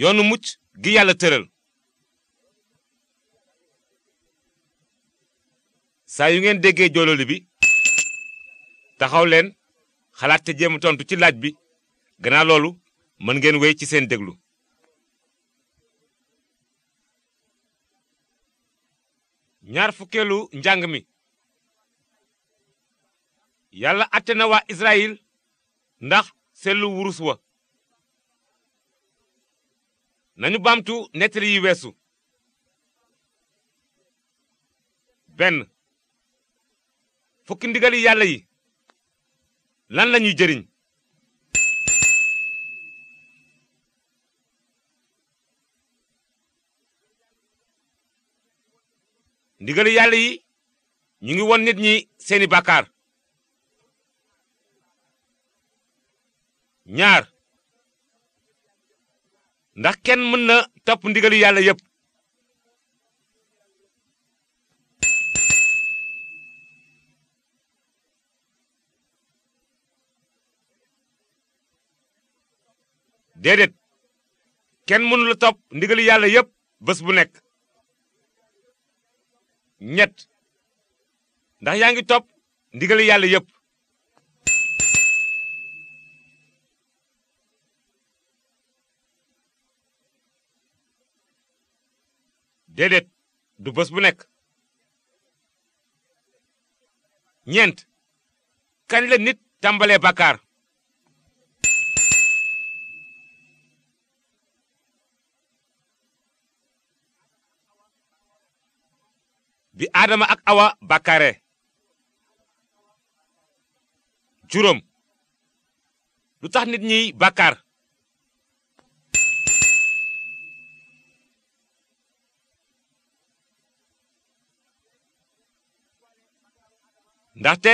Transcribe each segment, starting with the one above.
yoonu mucc gi yàlla tëral saa yu ngeen déggee joololi bi taxaw leen xalaat te jéem tontu ci laaj bi gannaaw loolu mën ngeen wéy ci seen déglu ñaar fukkeelu njàng mi yàlla àtte na waa Israyil ndax seetlu wurus wa nañu bamtu nettali yi weesu. benn fukki ndigali yàlla yi lan la lañuy jëriñ. ndigali yàlla yi ñu ngi won nit ñi seeni bàkkaar. ñaar. ndax kenn mën na topp ndigali yàlla yépp déedéet kenn mënula topp ndigali yàlla yépp bés bu nekk ñett ndax yaa ngi topp ndigali yàlla yépp déedéet du bés bu nekk ñeent kañ nit tàmbalee bàkkaar bi aadama ak awa bakare juróom lu tax nit ñiy bàkkaar ndaxte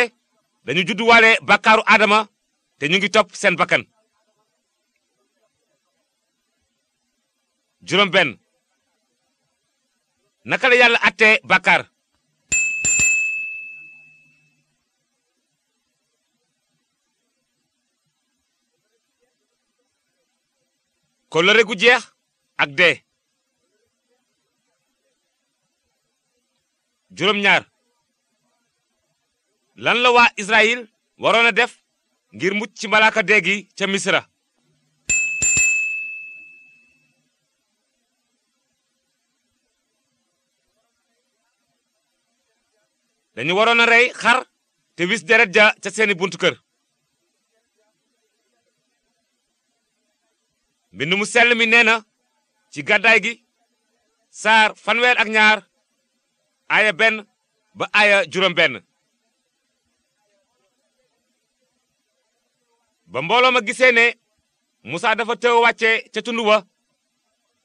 dañu judduwaale bakkaaru aadama te ñu ngi topp seen bakkan juróom benn naka la yàlla atte bàkkaar kóllëre gu jeex ak dee juróom ñaar lan la waa Israël waroon a def ngir mucc ci malaaka dee gi ca Misra. dañu waroon a rey xar te wis deret ja ca seeni buntu kër. mbind mu sell mi nee na ci gàddaay gi saar fanweer ak ñaar aaya benn ba aaya juróom benn ba mbooloo ma gisee ne musa dafa teew wàcce ca tund wa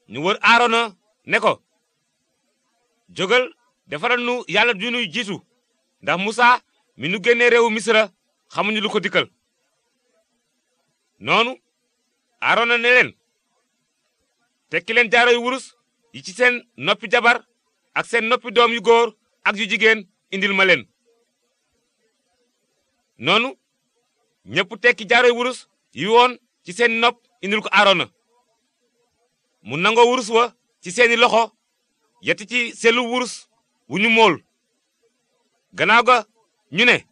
ñu wër aarona ne ko jógal defaral nu yàlla ju nuy jiitu ndax musa mi nu génnee réew misra xamuñu lu ko dikkal noonu aarona ne leen tekki leen jaaro yu wurus yi ci seen noppi jabar ak seen noppi doom yu góor ak yu jigéen indil ma leen noonu ñépp tekki jaaroy wurus yi woon ci seeni nopp indil ko aarona mu nangoo wurus wa ci seeni loxo yetti ci selu wurus wu ñu mool ganaaw ga ñu ne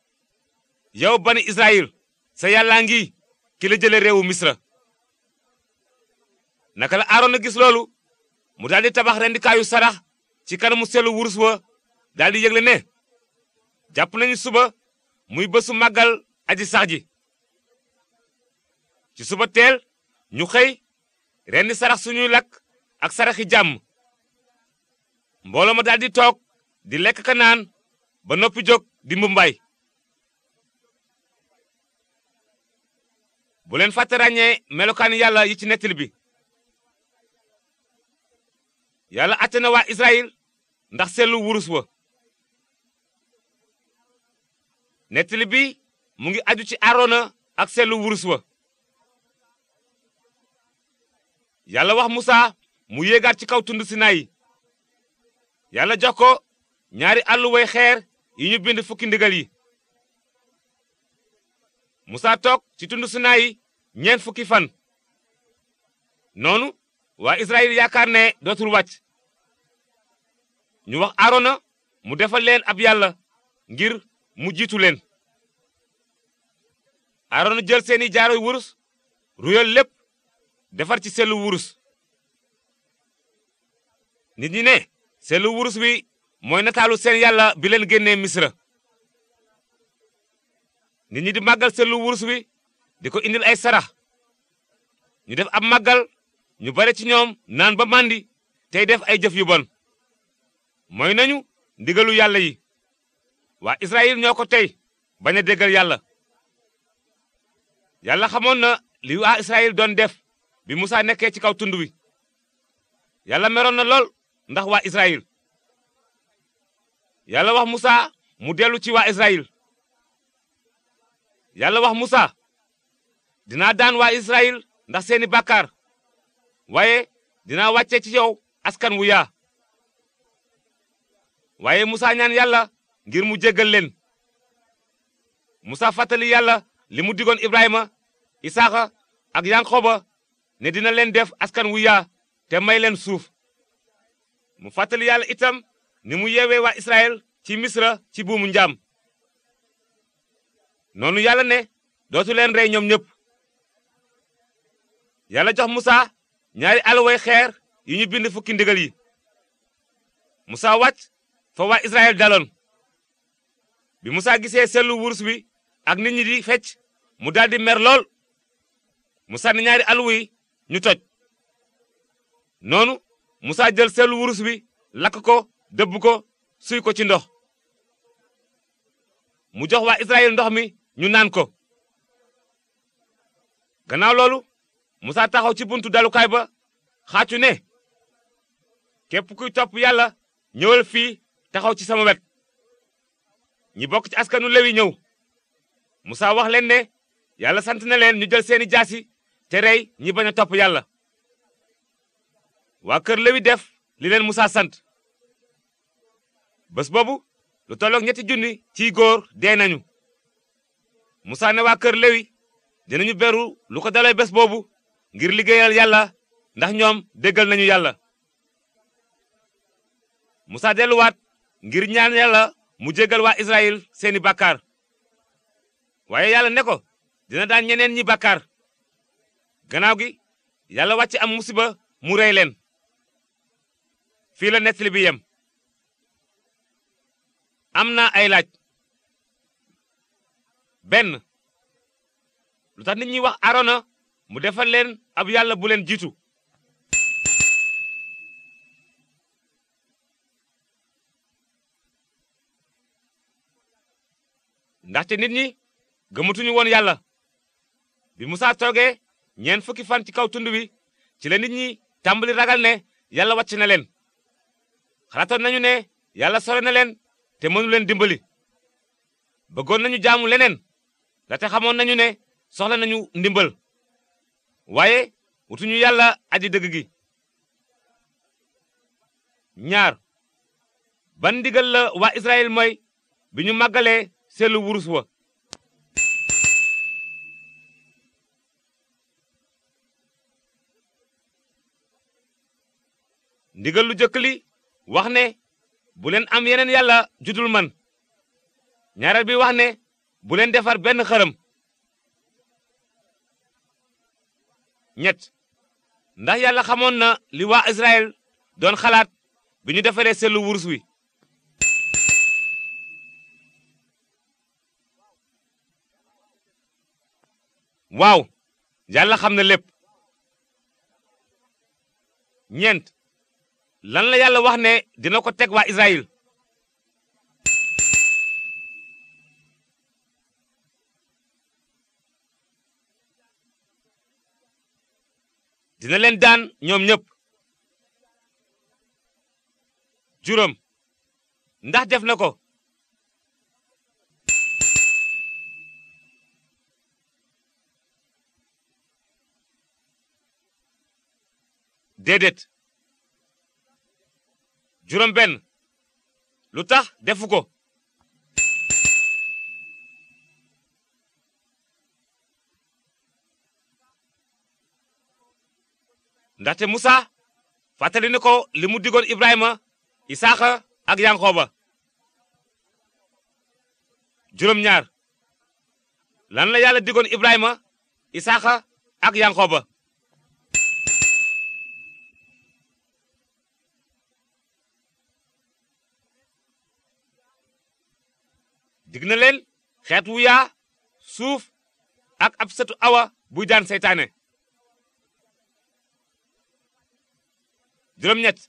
yow bani israyil sa yàllaa ngi ki la jële réewu misra naka la aarona gis loolu mu daldi tabax rendikaayu sarax ci kanamu selu wurus wa daldi yëgle ne jàpp nañu suba muy bësu màggal aji sax ji ci suba teel ñu xëy rendi sarax suñuy lakk ak saraxi jàmm mbooloo ma di toog di lekk ka naan ba noppi jóg di mbumbaay bu leen fàtte ràññee melokaan yàlla yi ci nettali bi yàlla àtte na waa Israyil ndax selu wurus wa nettali bi mu ngi aju ci arona ak selu wurus wa yàlla wax musa mu yéegaat ci kaw tund sinayi yàlla jox ko ñaari àlluway xeer yi ñu bind fukki ndigal yi musa toog ci tund sinayi ñeent fukki fan noonu waa israyil yaakaar ne dootul wàcc ñu wax aarona mu defal leen ab yàlla ngir mu jiitu leen aarona jël seeni jaaroy wurus ruyal lépp defar ci sellu wurus nit ñi ne sellu wurus wi mooy nataalu seen yàlla bileen leen génnee misra nit ñi di màggal seelu wurus wi di ko indil ay sarax ñu def ab màggal ñu bare ci ñoom naan ba màndi tey def ay jëf yu bon mooy nañu ndigalu yàlla yi waa Israyil ñoo ko tey bañ a déggal yàlla yàlla xamoon na li waa Israyil doon def bi musa nekkee ci kaw tund wi yàlla meroon na lool ndax waa Israyil yàlla wax musa mu dellu ci waa Israyil yàlla wax Musaa dinaa daan waa Israyil ndax seeni bàkkaar waaye dinaa wàcce ci yow askan wu yaa waaye musa ñaan yàlla ngir mu jéggal leen Musaa fàttali yàlla li mu digoon Ibrahima isaaka ak Yankoba ne dina leen def askan wu yaa te may leen suuf mu fàttali yàlla itam ni mu yeewee waa Israël ci misra ci buumu njaam noonu yàlla ne dootu leen rey ñoom ñëpp yàlla jox musa ñaari alway xeer yi ñu bind fukki ndigal yi musa wàcc fa waa Israël daloon bi musa gisee sellu wurus wi ak nit ñi di fecc mu daldi mer lool musa ne ñaari alway ñu toj noonu musa jël seelu wurus bi lakk ko dëbb ko suy ko ci ndox mu jox waa Israyil ndox mi ñu naan ko ganaaw loolu Musaa taxaw ci buntu dalukaay ba xaacu ne képp kuy topp yàlla ñëwal fii taxaw ci sama wet ñi bokk ci askanu lewi ñëw Musaa wax ne yàlla sant na leen ñu jël seeni jaasi te rey ñi bañ a topp yàlla waa kër Léwi def li leen Musaa sant bés boobu lu tolloog ñetti junni ciy góor dee nañu Musaa ne waa kër Léwi dinañu beru lu ko dalee bés boobu ngir liggéeyal yàlla ndax ñoom déggal nañu yàlla Musaa delluwaat ngir ñaan yàlla mu jéggal waa Israyil seeni bàkkaar waaye yàlla ne ko dina daan ñeneen ñi bàkkaar gannaaw gi yàlla wàcc am musiba mu rey leen fii la nettali bi yem am na ay laaj benn lu tax nit ñi wax arona mu defal leen ab yàlla bu leen jiitu ndaxte nit ñi gëmatuñu woon yàlla bi musaa toogee ñeen fukki fan ci kaw tund wi ci la nit ñi tàmbali ragal ne yàlla wàcc na leen xalaatoon nañu ne yàlla sore na leen te mënuleen dimbali bëggoon nañu jaamu leneen ndaxte xamoon nañu ne soxla nañu ndimbal waaye wutuñu yàlla aji dëgg gi ñaar ban ndigal la waa Israël moy bi ñu màggalee seelu wurus wa ndigal lu jëkk li wax ne bu leen am yeneen yàlla judul man ñaareel bi wax ne bu leen defar benn xërëm ñett ndax yàlla xamoon na li waa Israël doon xalaat bi ñu defaree sellu wurus wi waaw yàlla xam na lépp ñent lan la yàlla wax ne dina ko teg waa Israël. dina leen daan ñoom ñëpp. juróom ndax def na ko. déedéet. juróom lu tax defu ko ndaxte Musa fàttali na ko li mu digoon Ibrahima Isaaxa ak Yankoba juróom ñaar lan la yàlla digoon Ibrahima Isaaxa ak Yankoba dig na leen xeet wu yaa suuf ak ab sëtu awa buy daan seytaane juróom ñett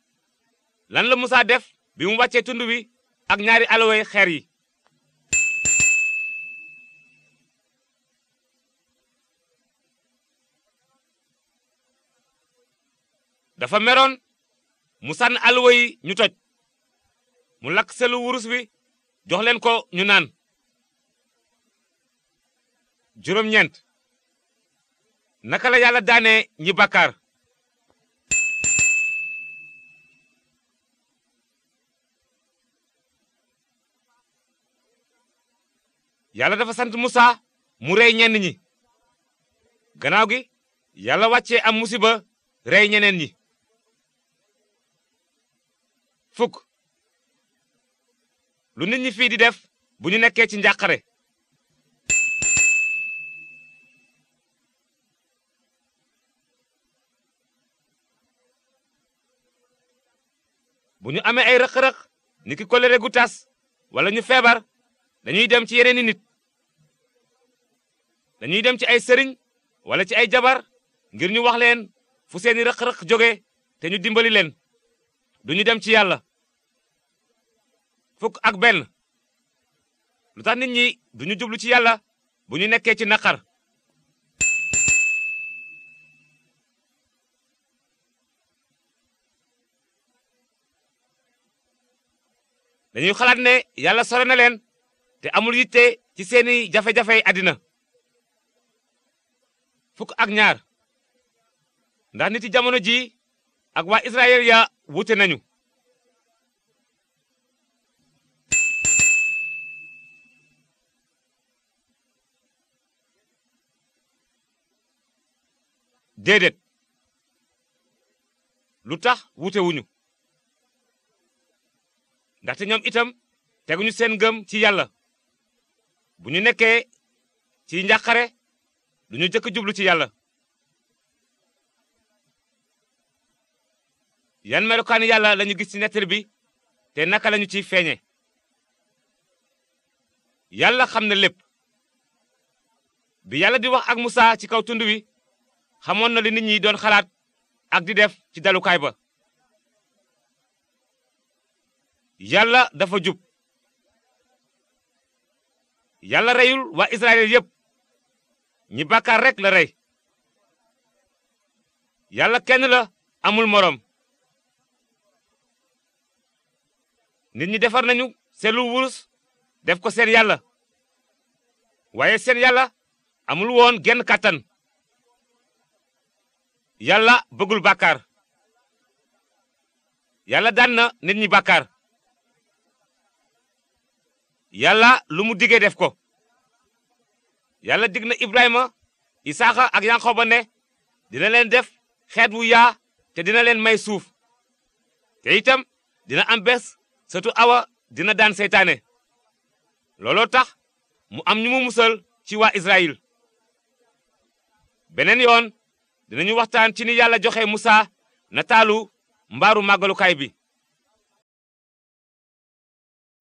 lan la musa def bi mu wàccee tund wi ak ñaari alawey xeer yi dafa meroon mu sànn alwa yi ñu toj mu lakk selu wurus wi jox leen ko ñu naan juróom-ñeent naka la yàlla daane ñi bàkkaar yàlla dafa sant Musa mu rey ñenn ñi gannaaw gi yàlla wàccee am musiba rey ñeneen ñi lu nit ñi fii di def bu ñu nekkee ci njàqare bu ñu amee ay rëq-rëq ni ki kolere gu tas wala ñu feebar dañuy dem ci yeneeni nit dañuy dem ci ay sëriñ wala ci ay jabar ngir ñu wax leen fu seeni rëq-rëq jóge te ñu dimbali leen duñu dem ci yàlla fukk ak benn lu tax nit ñi duñu jublu ci yàlla bu ñu nekkee ci naqar dañuy xalaat ne yàlla sore na leen te amul yitte ci seeni jafe-jafey àddina fukk ak ñaar ndax niti jamono ji ak waa Israël ya wuute nañu déedéet lu tax wutewuñu ndaxte ñoom itam teguñu seen gëm ci yàlla bu ñu nekkee ci njàqare du ñu jëkk jublu ci yàlla yan melokaani yàlla lañu gis ci nettali bi te naka lañu ciy feeñe yàlla xam na lépp bi yàlla di wax ak musa ci kaw tund wi xamoon na li nit ñi doon xalaat ak di def ci dalukaay ba yàlla dafa jub yàlla reyul waa Israël yépp ñi bàkkaar rekk la rey yàlla kenn la amul moroom nit ñi defar nañu seelu wurus def ko seen yàlla waaye seen yàlla amul woon genn kàttan yàlla bëggul bàkkaar yàlla daan na nit ñi bàkkaar yàlla lu mu digee def ko yàlla digg na ibrahima isaaxa ak yanqoba ne dina leen def xeet wu yaa te dina leen may suuf te itam dina am bés sëtu awa dina daan seytaane looloo tax mu am ñu mu musal ci waa israyil beneen yoon dinañu waxtaan ci ni yàlla joxe Musaa nataalu mbaaru màggalukaay bi